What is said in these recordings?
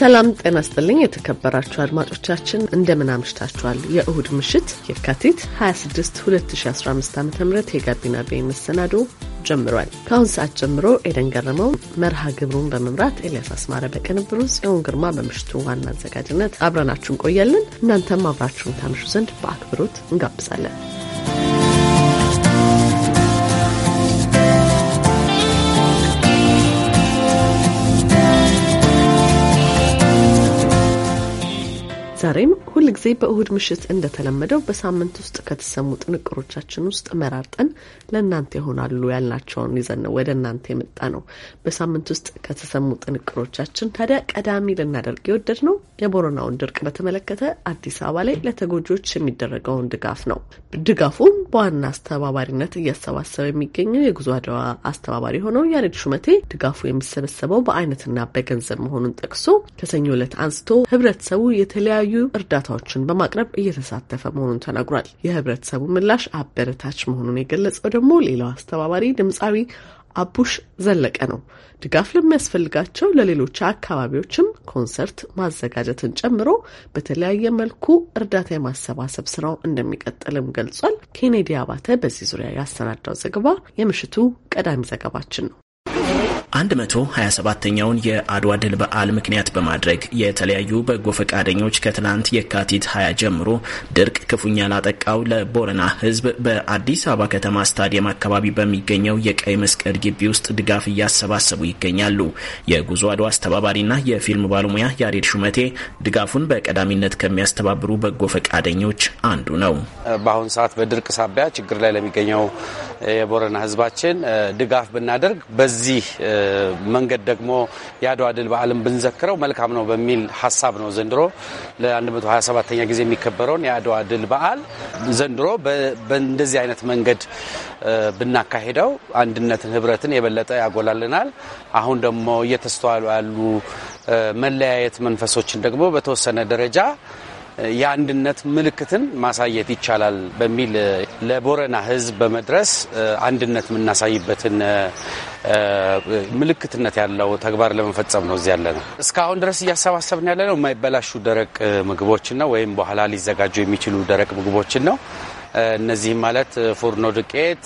ሰላም ጤና ስጥልኝ። የተከበራችሁ አድማጮቻችን እንደምን አምሽታችኋል? የእሁድ ምሽት የካቲት 26 2015 ዓ ም የጋቢና ቤ መሰናዶ ጀምሯል። ከአሁን ሰዓት ጀምሮ ኤደን ገረመው መርሃ ግብሩን በመምራት ኤልያስ አስማረ በቅንብሩ፣ ጽዮን ግርማ በምሽቱ ዋና አዘጋጅነት አብረናችሁ እንቆያለን። እናንተም አብራችሁን ታምሹ ዘንድ በአክብሮት እንጋብዛለን። ዛሬም ሁልጊዜ በእሁድ ምሽት እንደተለመደው በሳምንት ውስጥ ከተሰሙ ጥንቅሮቻችን ውስጥ መራርጠን ለእናንተ ይሆናሉ ያልናቸውን ይዘን ነው ወደ እናንተ የመጣ ነው። በሳምንት ውስጥ ከተሰሙ ጥንቅሮቻችን ታዲያ ቀዳሚ ልናደርግ የወደድ ነው የቦረናውን ድርቅ በተመለከተ አዲስ አበባ ላይ ለተጎጂዎች የሚደረገውን ድጋፍ ነው። ድጋፉን በዋና አስተባባሪነት እያሰባሰበ የሚገኘው የጉዞ አድዋ አስተባባሪ የሆነው ያሬድ ሹመቴ ድጋፉ የሚሰበሰበው በአይነትና በገንዘብ መሆኑን ጠቅሶ ከሰኞ ዕለት አንስቶ ህብረተሰቡ የተለያዩ እርዳታዎችን በማቅረብ እየተሳተፈ መሆኑን ተናግሯል። የህብረተሰቡ ምላሽ አበረታች መሆኑን የገለጸው ደግሞ ሌላው አስተባባሪ ድምፃዊ አቡሽ ዘለቀ ነው። ድጋፍ ለሚያስፈልጋቸው ለሌሎች አካባቢዎችም ኮንሰርት ማዘጋጀትን ጨምሮ በተለያየ መልኩ እርዳታ የማሰባሰብ ስራው እንደሚቀጥልም ገልጿል። ኬኔዲ አባተ በዚህ ዙሪያ ያሰናዳው ዘገባ የምሽቱ ቀዳሚ ዘገባችን ነው። 127ኛውን የአድዋ ድል በዓል ምክንያት በማድረግ የተለያዩ በጎ ፈቃደኞች ከትላንት የካቲት 20 ጀምሮ ድርቅ ክፉኛ ላጠቃው ለቦረና ሕዝብ በአዲስ አበባ ከተማ ስታዲየም አካባቢ በሚገኘው የቀይ መስቀል ግቢ ውስጥ ድጋፍ እያሰባሰቡ ይገኛሉ። የጉዞ አድዋ አስተባባሪና የፊልም ባለሙያ ያሬድ ሹመቴ ድጋፉን በቀዳሚነት ከሚያስተባብሩ በጎ ፈቃደኞች አንዱ ነው። በአሁኑ ሰዓት በድርቅ ሳቢያ ችግር ላይ ለሚገኘው የቦረና ሕዝባችን ድጋፍ ብናደርግ በዚህ መንገድ ደግሞ የአድዋ ድል በዓልን ብንዘክረው መልካም ነው በሚል ሀሳብ ነው ዘንድሮ ለ127ኛ ጊዜ የሚከበረውን የአድዋ ድል በዓል ዘንድሮ በእንደዚህ አይነት መንገድ ብናካሄደው አንድነትን፣ ህብረትን የበለጠ ያጎላልናል። አሁን ደግሞ እየተስተዋሉ ያሉ መለያየት መንፈሶችን ደግሞ በተወሰነ ደረጃ የአንድነት ምልክትን ማሳየት ይቻላል በሚል ለቦረና ህዝብ በመድረስ አንድነት የምናሳይበትን ምልክትነት ያለው ተግባር ለመፈጸም ነው እዚህ ያለ ነው። እስካሁን ድረስ እያሰባሰብን ያለ ነው የማይበላሹ ደረቅ ምግቦችን ነው ወይም በኋላ ሊዘጋጁ የሚችሉ ደረቅ ምግቦችን ነው። እነዚህም ማለት ፉርኖ ዱቄት፣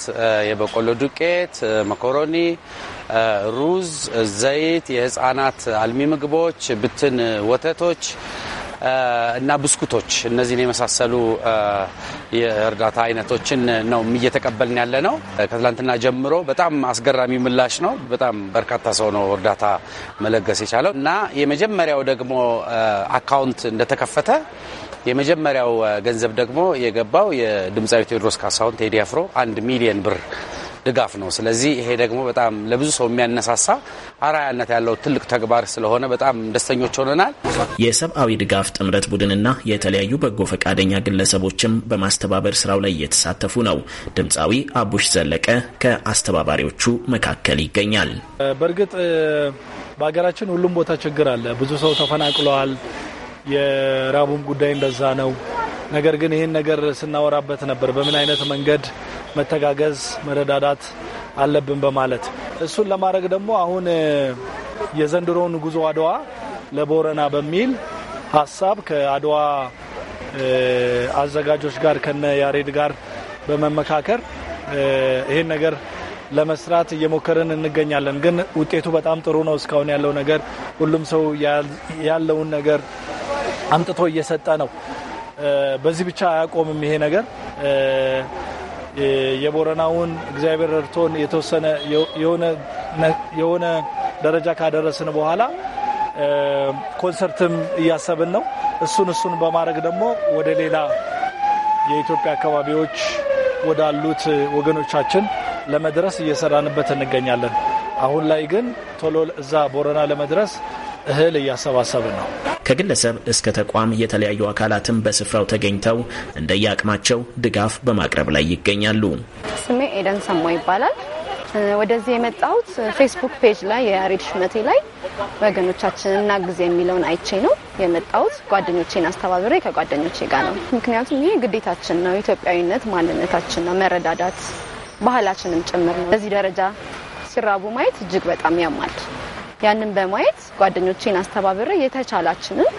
የበቆሎ ዱቄት፣ መኮሮኒ፣ ሩዝ፣ ዘይት፣ የህፃናት አልሚ ምግቦች፣ ብትን ወተቶች እና ብስኩቶች እነዚህን የመሳሰሉ የእርዳታ አይነቶችን ነው እየተቀበልን ያለ ነው። ከትላንትና ጀምሮ በጣም አስገራሚ ምላሽ ነው። በጣም በርካታ ሰው ነው እርዳታ መለገስ የቻለው እና የመጀመሪያው ደግሞ አካውንት እንደተከፈተ የመጀመሪያው ገንዘብ ደግሞ የገባው የድምፃዊ ቴዎድሮስ ካሳሁን ቴዲ አፍሮ አንድ ሚሊየን ብር ድጋፍ ነው። ስለዚህ ይሄ ደግሞ በጣም ለብዙ ሰው የሚያነሳሳ አራያነት ያለው ትልቅ ተግባር ስለሆነ በጣም ደስተኞች ሆነናል። የሰብአዊ ድጋፍ ጥምረት ቡድንና የተለያዩ በጎ ፈቃደኛ ግለሰቦችም በማስተባበር ስራው ላይ እየተሳተፉ ነው። ድምፃዊ አቡሽ ዘለቀ ከአስተባባሪዎቹ መካከል ይገኛል። በእርግጥ በሀገራችን ሁሉም ቦታ ችግር አለ። ብዙ ሰው ተፈናቅለዋል። የራቡም ጉዳይ እንደዛ ነው። ነገር ግን ይህን ነገር ስናወራበት ነበር በምን አይነት መንገድ መተጋገዝ፣ መረዳዳት አለብን በማለት እሱን ለማድረግ ደግሞ አሁን የዘንድሮውን ጉዞ አድዋ ለቦረና በሚል ሀሳብ ከአድዋ አዘጋጆች ጋር ከነ ያሬድ ጋር በመመካከር ይህን ነገር ለመስራት እየሞከርን እንገኛለን። ግን ውጤቱ በጣም ጥሩ ነው። እስካሁን ያለው ነገር ሁሉም ሰው ያለውን ነገር አምጥቶ እየሰጠ ነው። በዚህ ብቻ አያቆምም ይሄ ነገር የቦረናውን እግዚአብሔር ረድቶን የተወሰነ የሆነ ደረጃ ካደረስን በኋላ ኮንሰርትም እያሰብን ነው። እሱን እሱን በማድረግ ደግሞ ወደ ሌላ የኢትዮጵያ አካባቢዎች ወዳሉት ወገኖቻችን ለመድረስ እየሰራንበት እንገኛለን። አሁን ላይ ግን ቶሎ እዛ ቦረና ለመድረስ እህል እያሰባሰብን ነው። ከግለሰብ እስከ ተቋም የተለያዩ አካላትን በስፍራው ተገኝተው እንደየአቅማቸው ድጋፍ በማቅረብ ላይ ይገኛሉ። ስሜ ኤደን ሰሞ ይባላል። ወደዚህ የመጣሁት ፌስቡክ ፔጅ ላይ የሬድ ሽመቴ ላይ ወገኖቻችን እናግዝ የሚለውን አይቼ ነው የመጣሁት። ጓደኞቼን አስተባብሬ ከጓደኞቼ ጋር ነው። ምክንያቱም ይህ ግዴታችን ነው። ኢትዮጵያዊነት ማንነታችን ነው። መረዳዳት ባህላችንም ጭምር ነው። በዚህ ደረጃ ሲራቡ ማየት እጅግ በጣም ያማል። ያንን በማየት ጓደኞቼን አስተባብሬ የተቻላችንን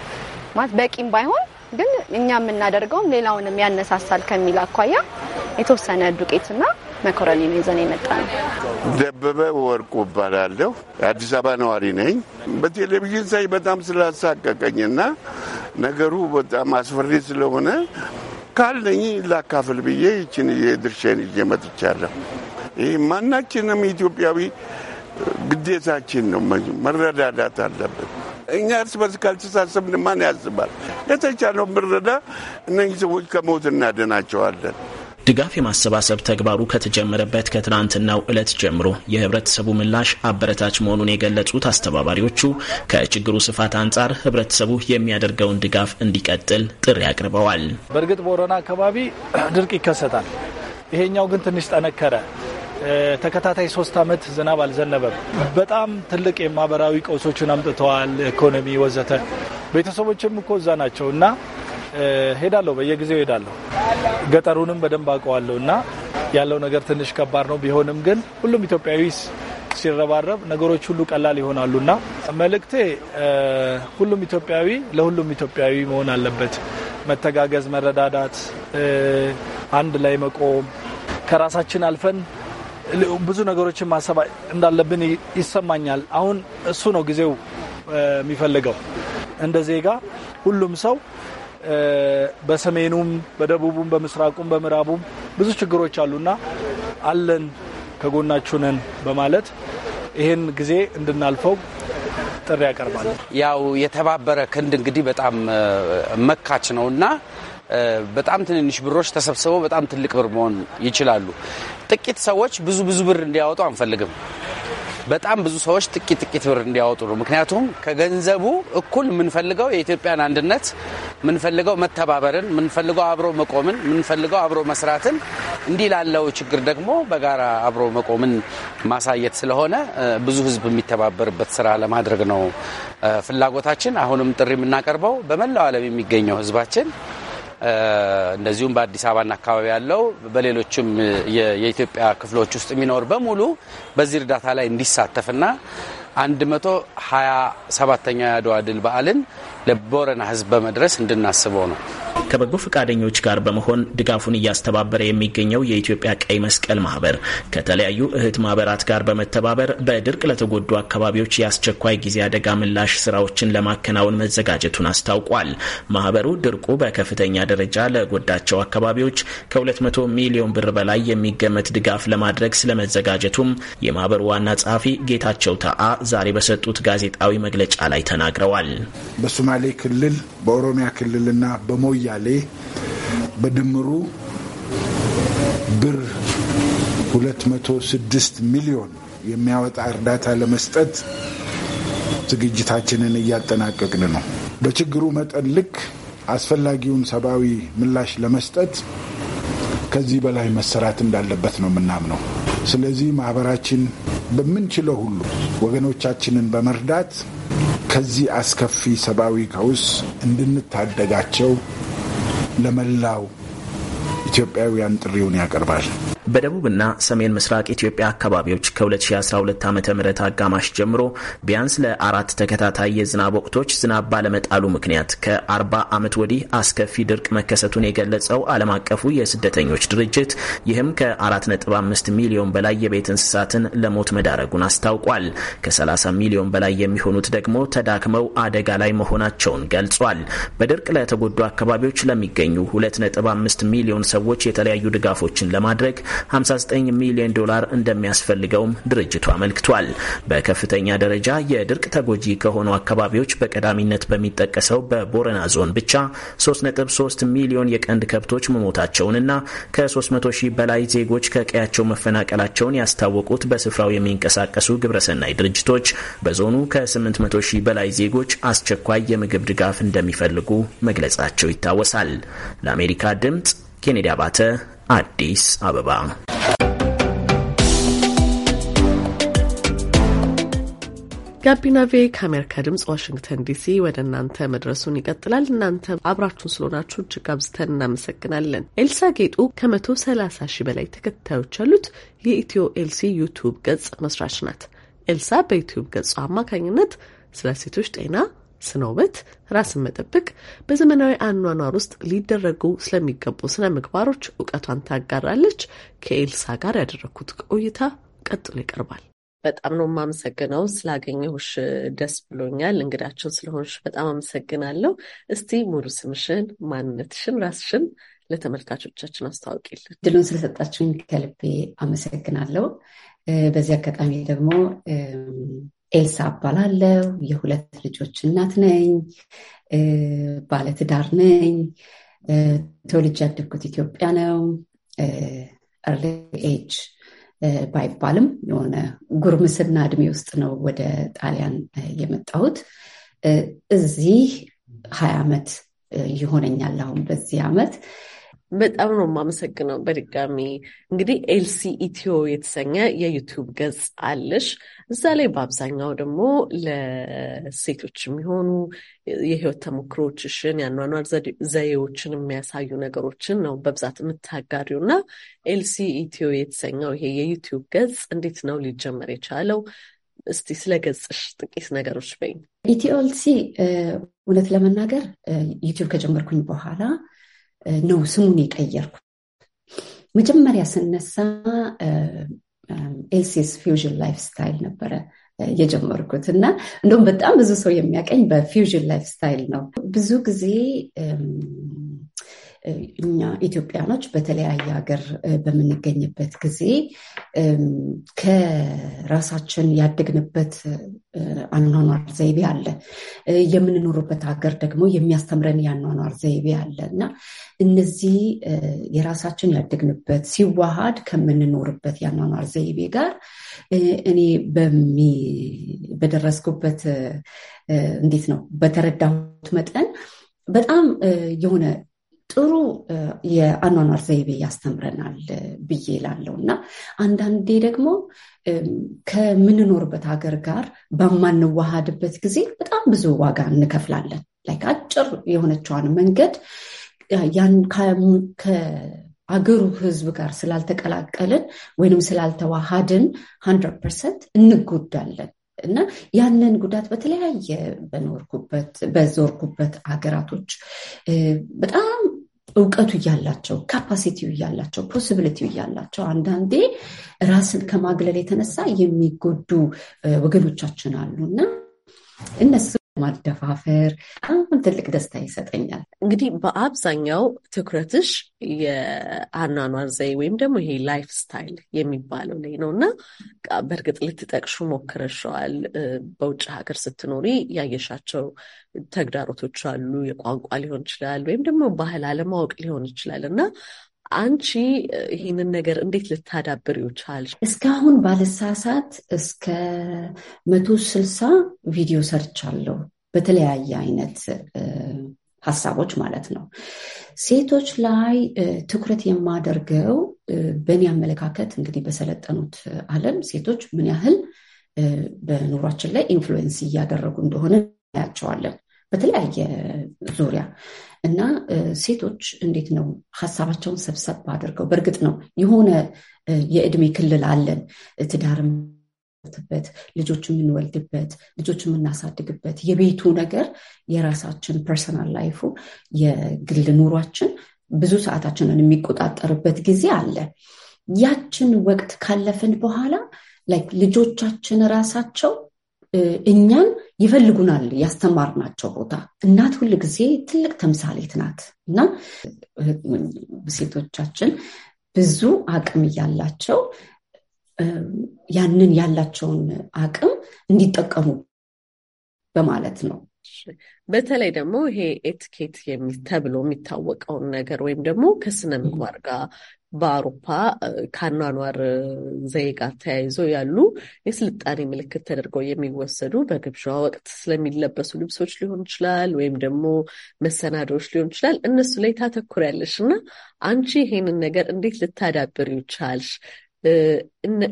ማለት በቂም ባይሆን ግን እኛ የምናደርገውም ሌላውንም ያነሳሳል ከሚል አኳያ የተወሰነ ዱቄትና መኮረኒ ነው ይዘን የመጣ ነው። ደበበ ወርቁ እባላለሁ። አዲስ አበባ ነዋሪ ነኝ። በቴሌቪዥን ሳይ በጣም ስላሳቀቀኝና ነገሩ በጣም አስፈሪ ስለሆነ ካለኝ ላካፍል ብዬ ይችን የድርሻዬን ይዤ መጥቻለሁ። ይህ ማናችንም ኢትዮጵያዊ ግዴታችን ነው። መረዳዳት አለብን። እኛ እርስ በርስ ካልተሳሰብን ማን ያስባል? የተቻለው ብንረዳ እነዚህ ሰዎች ከሞት እናድናቸዋለን። ድጋፍ የማሰባሰብ ተግባሩ ከተጀመረበት ከትናንትናው ዕለት ጀምሮ የህብረተሰቡ ምላሽ አበረታች መሆኑን የገለጹት አስተባባሪዎቹ ከችግሩ ስፋት አንጻር ህብረተሰቡ የሚያደርገውን ድጋፍ እንዲቀጥል ጥሪ አቅርበዋል። በእርግጥ ቦረና አካባቢ ድርቅ ይከሰታል። ይሄኛው ግን ትንሽ ጠነከረ። ተከታታይ ሶስት ዓመት ዝናብ አልዘነበም። በጣም ትልቅ የማህበራዊ ቀውሶችን አምጥተዋል። ኢኮኖሚ ወዘተ። ቤተሰቦችም እኮ እዛ ናቸው እና ሄዳለሁ፣ በየጊዜው ሄዳለሁ። ገጠሩንም በደንብ አውቀዋለሁ እና ያለው ነገር ትንሽ ከባድ ነው። ቢሆንም ግን ሁሉም ኢትዮጵያዊ ሲረባረብ ነገሮች ሁሉ ቀላል እና መልእክቴ ሁሉም ኢትዮጵያዊ ለሁሉም ኢትዮጵያዊ መሆን አለበት። መተጋገዝ፣ መረዳዳት፣ አንድ ላይ መቆም ከራሳችን አልፈን ብዙ ነገሮችን ማሰብ እንዳለብን ይሰማኛል። አሁን እሱ ነው ጊዜው የሚፈልገው። እንደ ዜጋ ሁሉም ሰው በሰሜኑም፣ በደቡቡም፣ በምስራቁም፣ በምዕራቡም ብዙ ችግሮች አሉና አለን ከጎናችሁ ነን በማለት ይህን ጊዜ እንድናልፈው ጥሪ ያቀርባል። ያው የተባበረ ክንድ እንግዲህ በጣም መካች ነው እና በጣም ትንንሽ ብሮች ተሰብስበው በጣም ትልቅ ብር መሆን ይችላሉ። ጥቂት ሰዎች ብዙ ብዙ ብር እንዲያወጡ አንፈልግም። በጣም ብዙ ሰዎች ጥቂት ጥቂት ብር እንዲያወጡ ነው። ምክንያቱም ከገንዘቡ እኩል የምንፈልገው የኢትዮጵያን አንድነት፣ የምንፈልገው መተባበርን፣ የምንፈልገው አብሮ መቆምን፣ የምንፈልገው አብሮ መስራትን፣ እንዲህ ላለው ችግር ደግሞ በጋራ አብሮ መቆምን ማሳየት ስለሆነ ብዙ ሕዝብ የሚተባበርበት ስራ ለማድረግ ነው ፍላጎታችን። አሁንም ጥሪ የምናቀርበው በመላው ዓለም የሚገኘው ሕዝባችን እንደዚሁም በአዲስ አበባና አካባቢ ያለው በሌሎችም የኢትዮጵያ ክፍሎች ውስጥ የሚኖር በሙሉ በዚህ እርዳታ ላይ እንዲሳተፍና 127ኛው የአድዋ ድል በዓልን ለቦረና ህዝብ በመድረስ እንድናስበው ነው። ከበጎ ፈቃደኞች ጋር በመሆን ድጋፉን እያስተባበረ የሚገኘው የኢትዮጵያ ቀይ መስቀል ማህበር ከተለያዩ እህት ማህበራት ጋር በመተባበር በድርቅ ለተጎዱ አካባቢዎች የአስቸኳይ ጊዜ አደጋ ምላሽ ስራዎችን ለማከናወን መዘጋጀቱን አስታውቋል። ማህበሩ ድርቁ በከፍተኛ ደረጃ ለጎዳቸው አካባቢዎች ከ200 ሚሊዮን ብር በላይ የሚገመት ድጋፍ ለማድረግ ስለመዘጋጀቱም የማህበሩ ዋና ጸሐፊ ጌታቸው ተአ ዛሬ በሰጡት ጋዜጣዊ መግለጫ ላይ ተናግረዋል። በሶማሌ ክልል፣ በኦሮሚያ ክልልና በሞያሌ በድምሩ ብር 206 ሚሊዮን የሚያወጣ እርዳታ ለመስጠት ዝግጅታችንን እያጠናቀቅን ነው። በችግሩ መጠን ልክ አስፈላጊውን ሰብአዊ ምላሽ ለመስጠት ከዚህ በላይ መሰራት እንዳለበት ነው የምናምነው። ስለዚህ ማህበራችን በምንችለው ሁሉ ወገኖቻችንን በመርዳት ከዚህ አስከፊ ሰብአዊ ቀውስ እንድንታደጋቸው ለመላው ኢትዮጵያውያን ጥሪውን ያቀርባል። በደቡብና ሰሜን ምስራቅ ኢትዮጵያ አካባቢዎች ከ2012 ዓ ም አጋማሽ ጀምሮ ቢያንስ ለአራት ተከታታይ የዝናብ ወቅቶች ዝናብ ባለመጣሉ ምክንያት ከ40 ዓመት ወዲህ አስከፊ ድርቅ መከሰቱን የገለጸው ዓለም አቀፉ የስደተኞች ድርጅት ይህም ከ4.5 ሚሊዮን በላይ የቤት እንስሳትን ለሞት መዳረጉን አስታውቋል። ከ30 ሚሊዮን በላይ የሚሆኑት ደግሞ ተዳክመው አደጋ ላይ መሆናቸውን ገልጿል። በድርቅ ለተጎዱ አካባቢዎች ለሚገኙ 2.5 ሚሊዮን ሰዎች የተለያዩ ድጋፎችን ለማድረግ 59 ሚሊዮን ዶላር እንደሚያስፈልገውም ድርጅቱ አመልክቷል። በከፍተኛ ደረጃ የድርቅ ተጎጂ ከሆኑ አካባቢዎች በቀዳሚነት በሚጠቀሰው በቦረና ዞን ብቻ 3.3 ሚሊዮን የቀንድ ከብቶች መሞታቸውንና ከ300 ሺህ በላይ ዜጎች ከቀያቸው መፈናቀላቸውን ያስታወቁት በስፍራው የሚንቀሳቀሱ ግብረሰናይ ድርጅቶች በዞኑ ከ800 ሺህ በላይ ዜጎች አስቸኳይ የምግብ ድጋፍ እንደሚፈልጉ መግለጻቸው ይታወሳል። ለአሜሪካ ድምፅ ኬኔዲ አባተ አዲስ አበባ። ጋቢና ቬ ከአሜሪካ ድምጽ ዋሽንግተን ዲሲ ወደ እናንተ መድረሱን ይቀጥላል። እናንተ አብራችሁን ስለሆናችሁ እጅግ አብዝተን እናመሰግናለን። ኤልሳ ጌጡ ከመቶ ሰላሳ ሺህ በላይ ተከታዮች ያሉት የኢትዮ ኤልሲ ዩቱብ ገጽ መስራች ናት። ኤልሳ በዩቱብ ገጹ አማካኝነት ስለ ሴቶች ጤና ስነ ውበት፣ ራስን መጠበቅ፣ በዘመናዊ አኗኗር ውስጥ ሊደረጉ ስለሚገቡ ስነ ምግባሮች እውቀቷን ታጋራለች። ከኤልሳ ጋር ያደረግኩት ቆይታ ቀጥሎ ይቀርባል። በጣም ነው የማመሰግነው። ስላገኘሁሽ ደስ ብሎኛል። እንግዳቸው ስለሆንሽ በጣም አመሰግናለሁ። እስቲ ሙሉ ስምሽን፣ ማንነትሽን፣ ራስሽን ለተመልካቾቻችን አስተዋውቂልን። ድሉን ስለሰጣችሁኝ ከልቤ አመሰግናለሁ። በዚህ አጋጣሚ ደግሞ ኤልሳ እባላለሁ። የሁለት ልጆች እናት ነኝ። ባለትዳር ነኝ። ተወልጄ ያደግኩት ኢትዮጵያ ነው። ኤርሊ ኤጅ ባይባልም የሆነ ጉርምስና እድሜ ውስጥ ነው ወደ ጣሊያን የመጣሁት። እዚህ ሀያ ዓመት ይሆነኛል አሁን በዚህ ዓመት በጣም ነው የማመሰግነው። በድጋሚ እንግዲህ ኤልሲ ኢትዮ የተሰኘ የዩቱብ ገጽ አለሽ። እዛ ላይ በአብዛኛው ደግሞ ለሴቶች የሚሆኑ የህይወት ተሞክሮችሽን፣ የአኗኗር ዘዬዎችን የሚያሳዩ ነገሮችን ነው በብዛት የምታጋሪው እና ኤልሲ ኢትዮ የተሰኘው ይሄ የዩቱብ ገጽ እንዴት ነው ሊጀመር የቻለው? እስቲ ስለ ገጽሽ ጥቂት ነገሮች ኢትዮ ኤልሲ እውነት ለመናገር ዩቱብ ከጀመርኩኝ በኋላ ነው ስሙን የቀየርኩት። መጀመሪያ ስነሳ ኤልሲስ ፊውዥን ላይፍ ስታይል ነበረ የጀመርኩት እና እንደውም በጣም ብዙ ሰው የሚያቀኝ በፊውዥን ላይፍ ስታይል ነው። ብዙ ጊዜ እኛ ኢትዮጵያኖች በተለያየ ሀገር በምንገኝበት ጊዜ ከራሳችን ያደግንበት አኗኗር ዘይቤ አለ። የምንኖርበት ሀገር ደግሞ የሚያስተምረን የአኗኗር ዘይቤ አለ እና እነዚህ የራሳችን ያደግንበት ሲዋሃድ ከምንኖርበት የአኗኗር ዘይቤ ጋር እኔ በደረስኩበት እንዴት ነው በተረዳሁት መጠን በጣም የሆነ ጥሩ የአኗኗር ዘይቤ ያስተምረናል ብዬ ላለው እና አንዳንዴ ደግሞ ከምንኖርበት ሀገር ጋር በማንዋሃድበት ጊዜ በጣም ብዙ ዋጋ እንከፍላለን። አጭር የሆነችዋን መንገድ ያን ከአገሩ ሕዝብ ጋር ስላልተቀላቀልን ወይንም ስላልተዋሃድን ሀንድረድ ፐርሰንት እንጎዳለን እና ያንን ጉዳት በተለያየ በኖርኩበት በዞርኩበት ሀገራቶች በጣም እውቀቱ እያላቸው ካፓሲቲው እያላቸው ፖስብሊቲው እያላቸው አንዳንዴ ራስን ከማግለል የተነሳ የሚጎዱ ወገኖቻችን አሉ እና እነሱ ማደፋፈር አሁን ትልቅ ደስታ ይሰጠኛል። እንግዲህ በአብዛኛው ትኩረትሽ የአኗኗር ዘይ ወይም ደግሞ ይሄ ላይፍ ስታይል የሚባለው ላይ ነው እና በእርግጥ ልትጠቅሹ ሞክረሸዋል። በውጭ ሀገር ስትኖሪ ያየሻቸው ተግዳሮቶች አሉ። የቋንቋ ሊሆን ይችላል ወይም ደግሞ ባህል አለማወቅ ሊሆን ይችላል እና አንቺ ይህንን ነገር እንዴት ልታዳብር ቻልሽ? እስካሁን ባልሳሳት እስከ መቶ ስልሳ ቪዲዮ ሰርቻለሁ በተለያየ አይነት ሀሳቦች ማለት ነው። ሴቶች ላይ ትኩረት የማደርገው በእኔ አመለካከት እንግዲህ በሰለጠኑት ዓለም ሴቶች ምን ያህል በኑሯችን ላይ ኢንፍሉዌንስ እያደረጉ እንደሆነ እናያቸዋለን። በተለያየ ዙሪያ እና ሴቶች እንዴት ነው ሀሳባቸውን ሰብሰብ አድርገው በእርግጥ ነው የሆነ የእድሜ ክልል አለን ትዳር በት ልጆች የምንወልድበት ልጆች የምናሳድግበት የቤቱ ነገር የራሳችን ፐርሰናል ላይፉ የግል ኑሯችን ብዙ ሰዓታችንን የሚቆጣጠርበት ጊዜ አለ። ያችን ወቅት ካለፍን በኋላ ልጆቻችን ራሳቸው እኛን ይፈልጉናል ያስተማርናቸው ቦታ። እናት ሁል ጊዜ ትልቅ ተምሳሌት ናት እና ሴቶቻችን ብዙ አቅም እያላቸው ያንን ያላቸውን አቅም እንዲጠቀሙ በማለት ነው። በተለይ ደግሞ ይሄ ኤቲኬት ተብሎ የሚታወቀውን ነገር ወይም ደግሞ ከስነ ምግባር ጋር በአውሮፓ ከአኗኗር ዘዬ ጋር ተያይዞ ያሉ የስልጣኔ ምልክት ተደርገው የሚወሰዱ በግብዣ ወቅት ስለሚለበሱ ልብሶች ሊሆን ይችላል፣ ወይም ደግሞ መሰናዶዎች ሊሆን ይችላል። እነሱ ላይ ታተኩሪያለሽ እና አንቺ ይሄንን ነገር እንዴት ልታዳብር ይቻልሽ?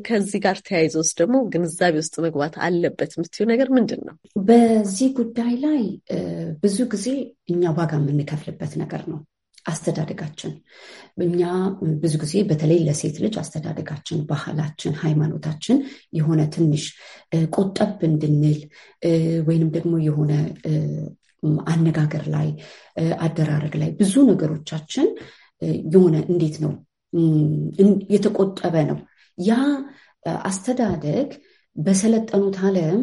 ከዚህ ጋር ተያይዞስ ደግሞ ግንዛቤ ውስጥ መግባት አለበት የምትይው ነገር ምንድን ነው? በዚህ ጉዳይ ላይ ብዙ ጊዜ እኛ ዋጋ የምንከፍልበት ነገር ነው። አስተዳደጋችን እኛ ብዙ ጊዜ በተለይ ለሴት ልጅ አስተዳደጋችን፣ ባህላችን፣ ሃይማኖታችን የሆነ ትንሽ ቆጠብ እንድንል ወይንም ደግሞ የሆነ አነጋገር ላይ አደራረግ ላይ ብዙ ነገሮቻችን የሆነ እንዴት ነው የተቆጠበ ነው። ያ አስተዳደግ በሰለጠኑት ዓለም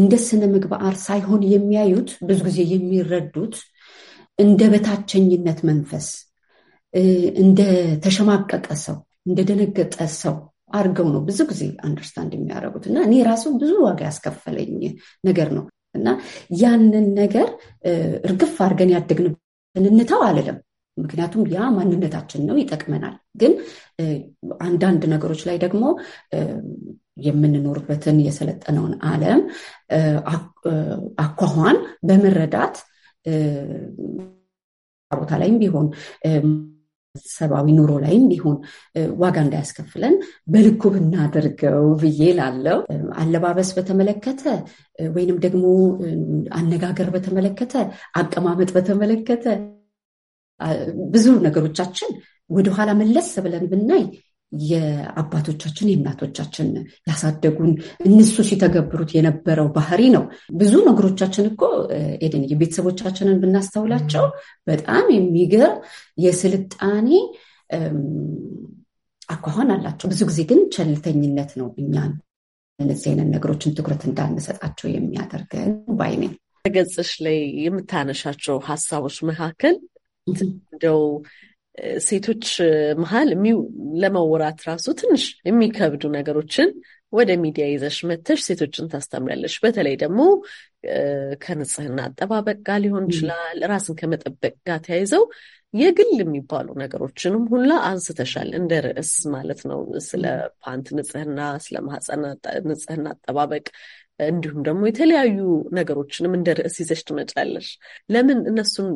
እንደ ስነ ምግባር ሳይሆን የሚያዩት ብዙ ጊዜ የሚረዱት እንደ በታቸኝነት መንፈስ እንደ ተሸማቀቀ ሰው እንደደነገጠ ሰው አድርገው ነው ብዙ ጊዜ አንደርስታንድ የሚያደርጉት እና እኔ ራሱ ብዙ ዋጋ ያስከፈለኝ ነገር ነው እና ያንን ነገር እርግፍ አድርገን ያደግንበትን እንተው አልልም። ምክንያቱም ያ ማንነታችን ነው፣ ይጠቅመናል። ግን አንዳንድ ነገሮች ላይ ደግሞ የምንኖርበትን የሰለጠነውን ዓለም አኳኋን በመረዳት ቦታ ላይም ቢሆን ሰብአዊ ኑሮ ላይም ቢሆን ዋጋ እንዳያስከፍለን በልኩ ብናደርገው ብዬ ላለው አለባበስ በተመለከተ ወይንም ደግሞ አነጋገር በተመለከተ አቀማመጥ በተመለከተ ብዙ ነገሮቻችን ወደኋላ መለስ ብለን ብናይ የአባቶቻችን የእናቶቻችን ያሳደጉን እነሱ ሲተገብሩት የነበረው ባህሪ ነው። ብዙ ነገሮቻችን እኮ ኤደን ቤተሰቦቻችንን ብናስተውላቸው በጣም የሚገርም የስልጣኔ አኳኋን አላቸው። ብዙ ጊዜ ግን ቸልተኝነት ነው እኛን እነዚህ አይነት ነገሮችን ትኩረት እንዳንሰጣቸው የሚያደርገን ባይኔ ገጽሽ ላይ የምታነሻቸው ሀሳቦች መካከል እንደው ሴቶች መሀል ለመወራት ራሱ ትንሽ የሚከብዱ ነገሮችን ወደ ሚዲያ ይዘሽ መተሽ ሴቶችን ታስተምሪያለሽ። በተለይ ደግሞ ከንጽህና አጠባበቅ ጋር ሊሆን ይችላል፣ ራስን ከመጠበቅ ጋር ተያይዘው የግል የሚባሉ ነገሮችንም ሁላ አንስተሻል እንደ ርዕስ ማለት ነው። ስለ ፓንት ንጽህና፣ ስለ ማህፀን ንጽህና አጠባበቅ እንዲሁም ደግሞ የተለያዩ ነገሮችንም እንደ ርዕስ ይዘሽ ትመጫለሽ። ለምን እነሱን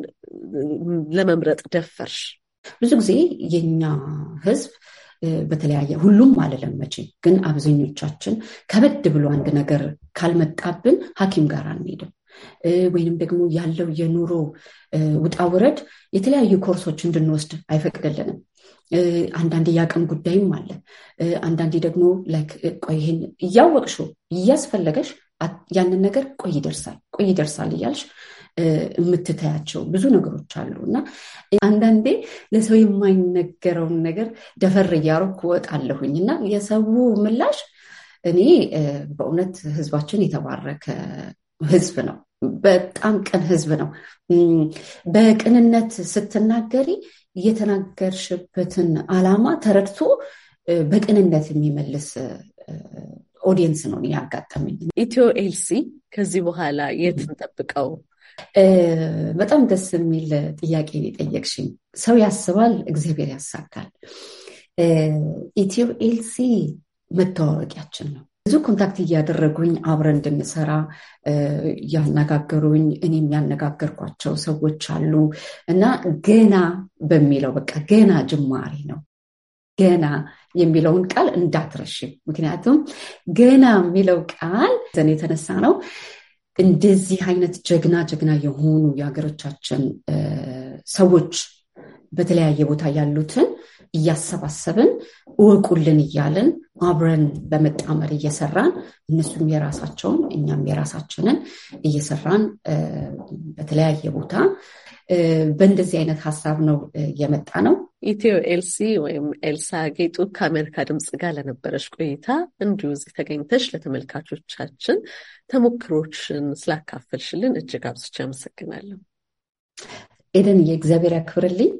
ለመምረጥ ደፈርሽ? ብዙ ጊዜ የኛ ህዝብ በተለያየ ሁሉም አይደለም መቼ ግን አብዛኞቻችን ከበድ ብሎ አንድ ነገር ካልመጣብን ሐኪም ጋር አንሄድም ወይንም ደግሞ ያለው የኑሮ ውጣ ውረድ የተለያዩ ኮርሶች እንድንወስድ አይፈቅድልንም። አንዳንዴ የአቅም ጉዳይም አለ። አንዳንዴ ደግሞ ቆይ ይሄን እያወቅሽው እያስፈለገሽ ያንን ነገር ቆይ ይደርሳል ቆይ ይደርሳል እያልሽ የምትታያቸው ብዙ ነገሮች አሉ እና አንዳንዴ ለሰው የማይነገረውን ነገር ደፈር እያረኩ እወጣለሁኝ እና የሰው ምላሽ እኔ በእውነት ህዝባችን የተባረከ ህዝብ ነው። በጣም ቅን ህዝብ ነው። በቅንነት ስትናገሪ የተናገርሽበትን አላማ ተረድቶ በቅንነት የሚመልስ ኦዲየንስ ነው ያጋጠመኝ። ኢትዮ ኤልሲ ከዚህ በኋላ የት እንጠብቀው? በጣም ደስ የሚል ጥያቄ የጠየቅሽኝ። ሰው ያስባል፣ እግዚአብሔር ያሳካል። ኢትዮ ኤልሲ መተዋወቂያችን ነው። ብዙ ኮንታክት እያደረጉኝ አብረን እንድንሰራ ያነጋገሩኝ እኔም ያነጋገርኳቸው ሰዎች አሉ እና ገና በሚለው በቃ ገና ጅማሬ ነው። ገና የሚለውን ቃል እንዳትረሽ ምክንያቱም ገና የሚለው ቃል የተነሳ ነው እንደዚህ አይነት ጀግና ጀግና የሆኑ የሀገሮቻችን ሰዎች በተለያየ ቦታ ያሉትን እያሰባሰብን እወቁልን እያልን አብረን በመጣመር እየሰራን እነሱም የራሳቸውን እኛም የራሳችንን እየሰራን በተለያየ ቦታ በእንደዚህ አይነት ሀሳብ ነው የመጣ ነው። ኢትዮ ኤልሲ ወይም ኤልሳ ጌጡ ከአሜሪካ ድምፅ ጋር ለነበረች ቆይታ እንዲሁ እዚህ ተገኝተች ለተመልካቾቻችን ተሞክሮችን ስላካፈልሽልን እጅግ አብዝቼ አመሰግናለሁ። ኤደን የእግዚአብሔር ያክብርልኝ።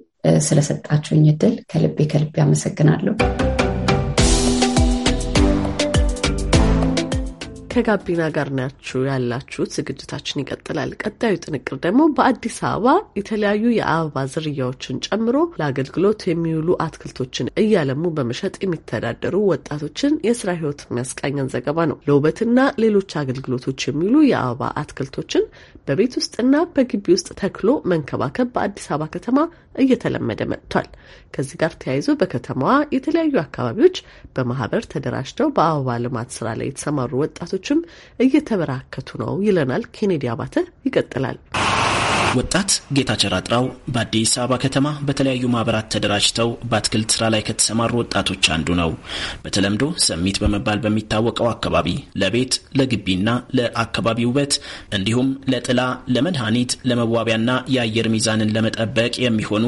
ስለሰጣችሁኝ እድል ከልቤ ከልቤ አመሰግናለሁ። ከጋቢና ጋር ናችሁ ያላችሁት። ዝግጅታችን ይቀጥላል። ቀጣዩ ጥንቅር ደግሞ በአዲስ አበባ የተለያዩ የአበባ ዝርያዎችን ጨምሮ ለአገልግሎት የሚውሉ አትክልቶችን እያለሙ በመሸጥ የሚተዳደሩ ወጣቶችን የስራ ህይወት የሚያስቃኘን ዘገባ ነው። ለውበትና ሌሎች አገልግሎቶች የሚውሉ የአበባ አትክልቶችን በቤት ውስጥና በግቢ ውስጥ ተክሎ መንከባከብ በአዲስ አበባ ከተማ እየተለመደ መጥቷል። ከዚህ ጋር ተያይዞ በከተማዋ የተለያዩ አካባቢዎች በማህበር ተደራጅተው በአበባ ልማት ስራ ላይ የተሰማሩ ወጣቶች ሰዎችም እየተበራከቱ ነው ይለናል። ኬኔዲ አባተ ይቀጥላል። ወጣት ጌታቸር አጥራው በአዲስ አበባ ከተማ በተለያዩ ማህበራት ተደራጅተው በአትክልት ስራ ላይ ከተሰማሩ ወጣቶች አንዱ ነው። በተለምዶ ሰሚት በመባል በሚታወቀው አካባቢ ለቤት ለግቢና ለአካባቢ ውበት እንዲሁም ለጥላ፣ ለመድኃኒት፣ ለመዋቢያና የአየር ሚዛንን ለመጠበቅ የሚሆኑ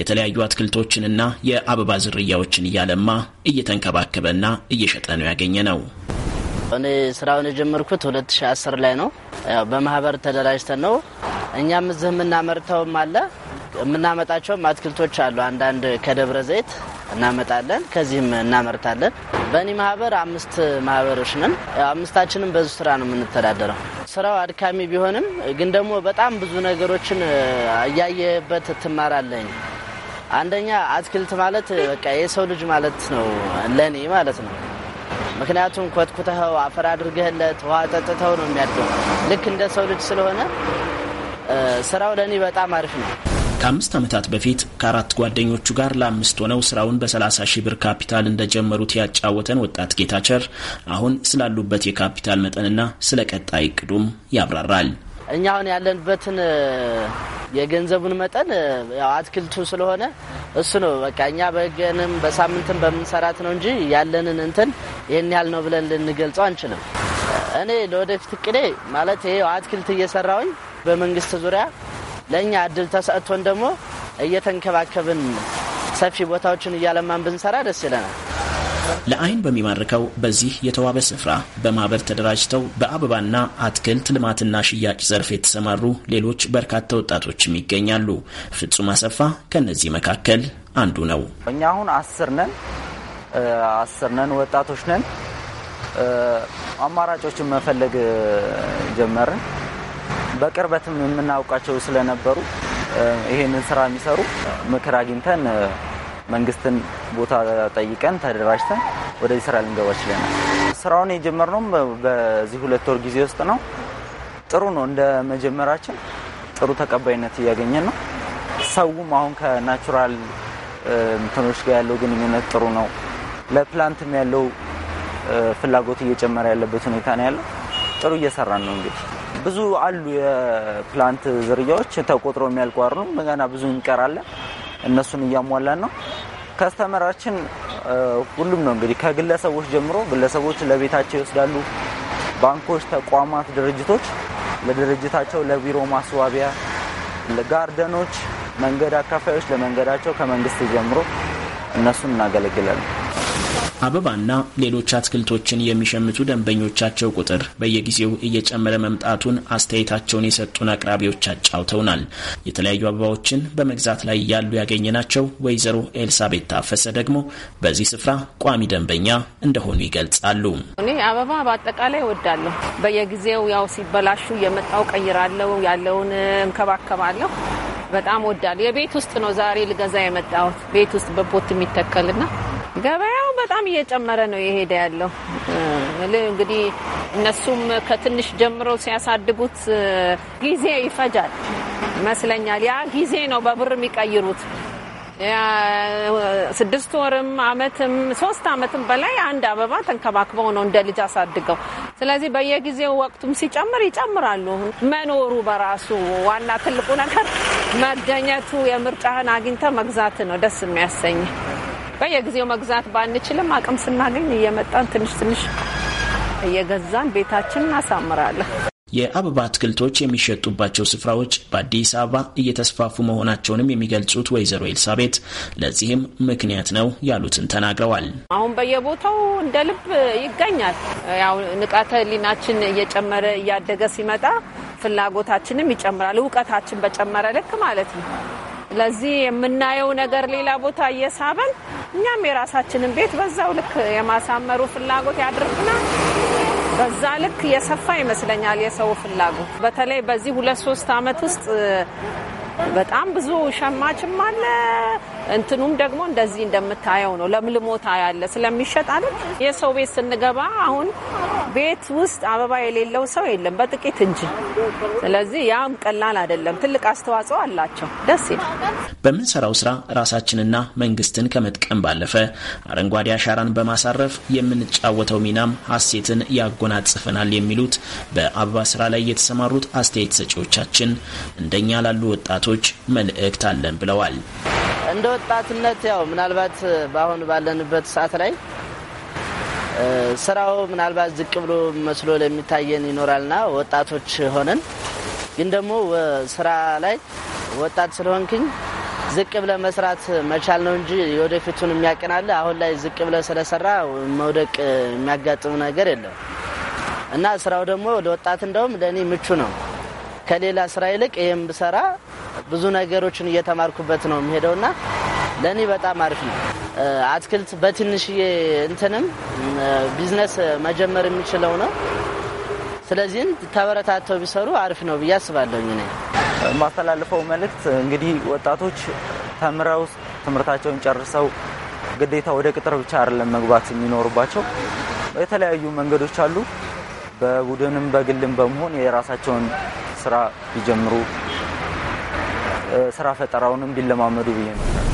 የተለያዩ አትክልቶችንና የአበባ ዝርያዎችን እያለማ እየተንከባከበና እየሸጠ ነው ያገኘ ነው። እኔ ስራውን የጀመርኩት 2010 ላይ ነው። በማህበር ተደራጅተን ነው። እኛም እዚህ የምናመርተውም አለ የምናመጣቸውም አትክልቶች አሉ። አንዳንድ ከደብረ ዘይት እናመጣለን፣ ከዚህም እናመርታለን። በእኔ ማህበር አምስት ማህበሮች ነን። አምስታችንም በዙ ስራ ነው የምንተዳደረው። ስራው አድካሚ ቢሆንም ግን ደግሞ በጣም ብዙ ነገሮችን እያየህበት ትማራለኝ። አንደኛ አትክልት ማለት በቃ የሰው ልጅ ማለት ነው ለእኔ ማለት ነው ምክንያቱም ኮትኩተኸው አፈር አድርገህለት ውሃ ጠጥተው ነው የሚያድገው። ልክ እንደ ሰው ልጅ ስለሆነ ስራው ለእኔ በጣም አሪፍ ነው። ከአምስት ዓመታት በፊት ከአራት ጓደኞቹ ጋር ለአምስት ሆነው ስራውን በሰላሳ ሺህ ብር ካፒታል እንደጀመሩት ያጫወተን ወጣት ጌታቸር አሁን ስላሉበት የካፒታል መጠንና ስለ ቀጣይ እቅዱም ያብራራል። እኛ አሁን ያለንበትን የገንዘቡን መጠን ያው አትክልቱ ስለሆነ እሱ ነው በቃ እኛ በገንም በሳምንትም በምንሰራት ነው እንጂ ያለንን እንትን ይህን ያህል ነው ብለን ልንገልጸው አንችልም። እኔ ለወደፊት እቅዴ ማለት ይሄ አትክልት እየሰራውኝ በመንግስት ዙሪያ ለእኛ እድል ተሰጥቶን ደግሞ እየተንከባከብን ሰፊ ቦታዎችን እያለማን ብንሰራ ደስ ይለናል። ለአይን በሚማርከው በዚህ የተዋበ ስፍራ በማህበር ተደራጅተው በአበባና አትክልት ልማትና ሽያጭ ዘርፍ የተሰማሩ ሌሎች በርካታ ወጣቶችም ይገኛሉ። ፍጹም አሰፋ ከእነዚህ መካከል አንዱ ነው። እኛ አሁን አስር ነን አስር ነን ወጣቶች ነን። አማራጮችን መፈለግ ጀመርን። በቅርበትም የምናውቃቸው ስለነበሩ ይህንን ስራ የሚሰሩ ምክር አግኝተን መንግስትን ቦታ ጠይቀን ተደራጅተን ወደዚህ ስራ ልንገባ ችለናል። ስራውን የጀመርነውም በዚህ ሁለት ወር ጊዜ ውስጥ ነው። ጥሩ ነው። እንደ መጀመራችን ጥሩ ተቀባይነት እያገኘን ነው። ሰውም አሁን ከናቹራል እንትኖች ጋር ያለው ግንኙነት ጥሩ ነው። ለፕላንትም ያለው ፍላጎት እየጨመረ ያለበት ሁኔታ ነው ያለው። ጥሩ እየሰራን ነው። እንግዲህ ብዙ አሉ የፕላንት ዝርያዎች ተቆጥሮ የሚያልቋሩ ነው። ገና ብዙ እንቀራለን። እነሱን እያሟላን ነው። ከስተመራችን ሁሉም ነው እንግዲህ ከግለሰቦች ጀምሮ ግለሰቦች ለቤታቸው ይወስዳሉ። ባንኮች፣ ተቋማት፣ ድርጅቶች ለድርጅታቸው ለቢሮ ማስዋቢያ፣ ጋርደኖች፣ መንገድ አካፋዮች ለመንገዳቸው ከመንግስት ጀምሮ እነሱን እናገለግላለን። አበባና ሌሎች አትክልቶችን የሚሸምቱ ደንበኞቻቸው ቁጥር በየጊዜው እየጨመረ መምጣቱን አስተያየታቸውን የሰጡን አቅራቢዎች አጫውተውናል። የተለያዩ አበባዎችን በመግዛት ላይ ያሉ ያገኘናቸው ወይዘሮ ኤልሳቤት ታፈሰ ደግሞ በዚህ ስፍራ ቋሚ ደንበኛ እንደሆኑ ይገልጻሉ። እኔ አበባ በአጠቃላይ እወዳለሁ። በየጊዜው ያው ሲበላሹ የመጣው ቀይራለሁ፣ ያለውን እንከባከባለሁ። በጣም እወዳለሁ። የቤት ውስጥ ነው ዛሬ ልገዛ የመጣሁት ቤት ውስጥ በፖት የሚተከልና ገበያው በጣም እየጨመረ ነው የሄደ ያለው። እንግዲህ እነሱም ከትንሽ ጀምሮ ሲያሳድጉት ጊዜ ይፈጃል ይመስለኛል። ያ ጊዜ ነው በብር የሚቀይሩት። ስድስት ወርም አመትም ሶስት አመትም በላይ አንድ አበባ ተንከባክበው ነው እንደ ልጅ አሳድገው። ስለዚህ በየጊዜው ወቅቱም ሲጨምር ይጨምራሉ። መኖሩ በራሱ ዋና ትልቁ ነገር መገኘቱ፣ የምርጫህን አግኝተ መግዛት ነው ደስ የሚያሰኝ። በየጊዜው መግዛት ባንችልም አቅም ስናገኝ እየመጣን ትንሽ ትንሽ እየገዛን ቤታችን እናሳምራለን። የአበባ አትክልቶች የሚሸጡባቸው ስፍራዎች በአዲስ አበባ እየተስፋፉ መሆናቸውንም የሚገልጹት ወይዘሮ ኤልሳቤት ለዚህም ምክንያት ነው ያሉትን ተናግረዋል። አሁን በየቦታው እንደ ልብ ይገኛል። ያው ንቃተ ሕሊናችን እየጨመረ እያደገ ሲመጣ ፍላጎታችንም ይጨምራል። እውቀታችን በጨመረ ልክ ማለት ነው። ለዚህ የምናየው ነገር ሌላ ቦታ እየሳበን እኛም የራሳችንን ቤት በዛው ልክ የማሳመሩ ፍላጎት ያድርብናል። በዛ ልክ የሰፋ ይመስለኛል የሰው ፍላጎት። በተለይ በዚህ ሁለት ሶስት አመት ውስጥ በጣም ብዙ ሸማችም አለ። እንትኑም ደግሞ እንደዚህ እንደምታየው ነው። ለምልሞታ ያለ ስለሚሸጥ አለ የሰው ቤት ስንገባ አሁን ቤት ውስጥ አበባ የሌለው ሰው የለም በጥቂት እንጂ። ስለዚህ ያም ቀላል አይደለም፣ ትልቅ አስተዋጽኦ አላቸው። ደስ ይላል። በምንሰራው ስራ ራሳችንና መንግስትን ከመጥቀም ባለፈ አረንጓዴ አሻራን በማሳረፍ የምንጫወተው ሚናም ሀሴትን ያጎናጽፈናል የሚሉት በአበባ ስራ ላይ የተሰማሩት አስተያየት ሰጪዎቻችን እንደኛ ላሉ ወጣቶች መልእክት አለን ብለዋል። እንደ ወጣትነት ያው ምናልባት በአሁን ባለንበት ሰዓት ላይ ስራው ምናልባት ዝቅ ብሎ መስሎ ለሚታየን ይኖራልና ወጣቶች ሆነን ግን ደግሞ ስራ ላይ ወጣት ስለሆንክኝ ዝቅ ብለ መስራት መቻል ነው እንጂ የወደፊቱን የሚያቀናለ አሁን ላይ ዝቅ ብለ ስለሰራ መውደቅ የሚያጋጥም ነገር የለም እና ስራው ደግሞ ለወጣት እንደውም ለእኔ ምቹ ነው። ከሌላ ስራ ይልቅ ይህም ብሰራ ብዙ ነገሮችን እየተማርኩበት ነው የሚሄደውና ለእኔ በጣም አሪፍ ነው። አትክልት በትንሽዬ እንትንም ቢዝነስ መጀመር የሚችለው ነው። ስለዚህም ተበረታተው ቢሰሩ አሪፍ ነው ብዬ አስባለሁ። ነ የማስተላልፈው መልእክት እንግዲህ ወጣቶች ተምረው ትምህርታቸውን ጨርሰው ግዴታ ወደ ቅጥር ብቻ አይደለም መግባት የሚኖርባቸው የተለያዩ መንገዶች አሉ። በቡድንም በግልም በመሆን የራሳቸውን ስራ ቢጀምሩ ስራ ፈጠራውንም ቢለማመዱ ብዬ ነው።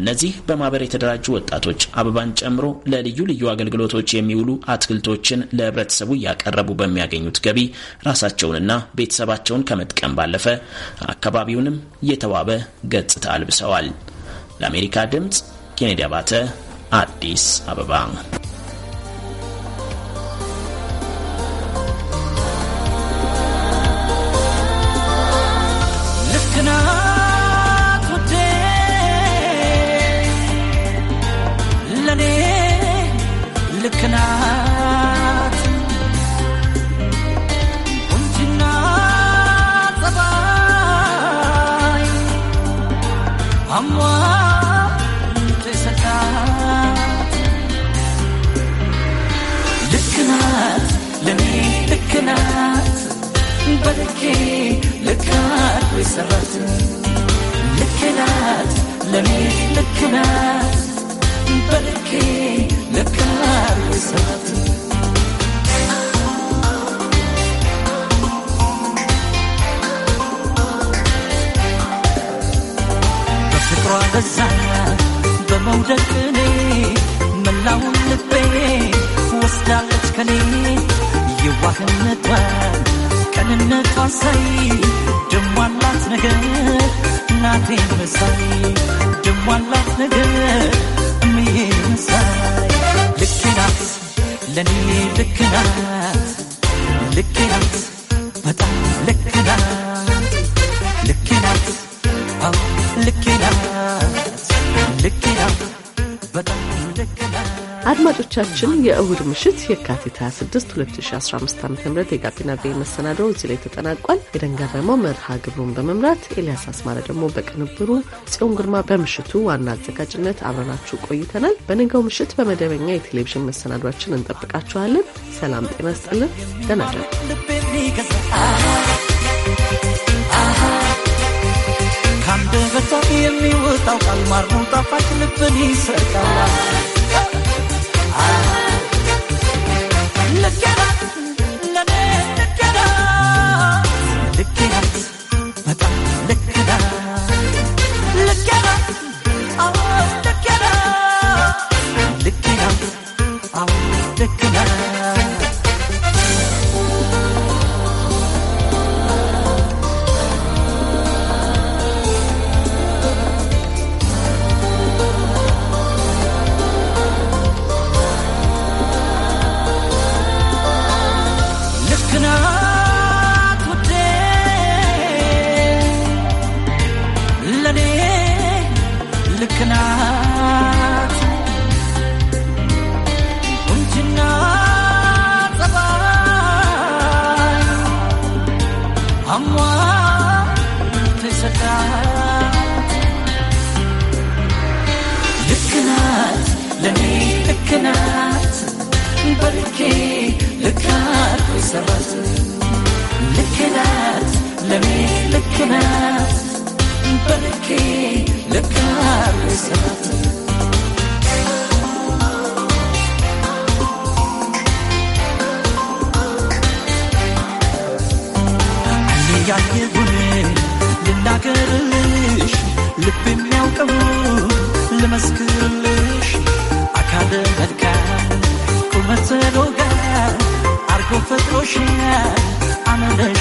እነዚህ በማህበር የተደራጁ ወጣቶች አበባን ጨምሮ ለልዩ ልዩ አገልግሎቶች የሚውሉ አትክልቶችን ለህብረተሰቡ እያቀረቡ በሚያገኙት ገቢ ራሳቸውንና ቤተሰባቸውን ከመጥቀም ባለፈ አካባቢውንም የተዋበ ገጽታ አልብሰዋል። ለአሜሪካ ድምፅ ኬኔዲ አባተ አዲስ አበባ ሰራት ልክናት ለኔ ልክናት በልኬ ልካል ሰራት በፍቅሯ በዛ በመውደቅ እኔ መላውን ልቤ ወስዳለች ከኔ የዋህነቷን ቀንነቷን ሳይ ነገር እናቴ መሳይ ደሞ አላት ነገር እምዬ መሳይ ልክ ናት ለኔ ልክ ናት ልክ ናት በጣም ልክ አድማጮቻችን የእሁድ ምሽት የካቲት 26 2015 ዓ ም የጋቢና ቤ መሰናደው እዚህ ላይ ተጠናቋል። የደንገረመው መርሃ ግብሩን በመምራት ኤልያስ አስማረ ደግሞ በቅንብሩ ጽዮን ግርማ በምሽቱ ዋና አዘጋጅነት አብረናችሁ ቆይተናል። በነገው ምሽት በመደበኛ የቴሌቪዥን መሰናዷችን እንጠብቃችኋለን። ሰላም ጤና ስጥልን። ደህና ደሩ። የሚወጣው ቃል ማር ነው ጣፋጭ ልብን ይሰርቃል። look at ልክናት ቁንጅና ጸባይ አሟት ይሰጣት ልክናት ለኔ ልክናት በልኬ ልካት ይሰራት ልክናት ለኔ ልክናት Perché le carne salate እኔ ያየሁን ልናገርልሽ ልብ የሚያውቀው ልመስክርልሽ አካል መልካም ቁመት ሮጋ አርጎ ፈጥሮሽ አመለሽ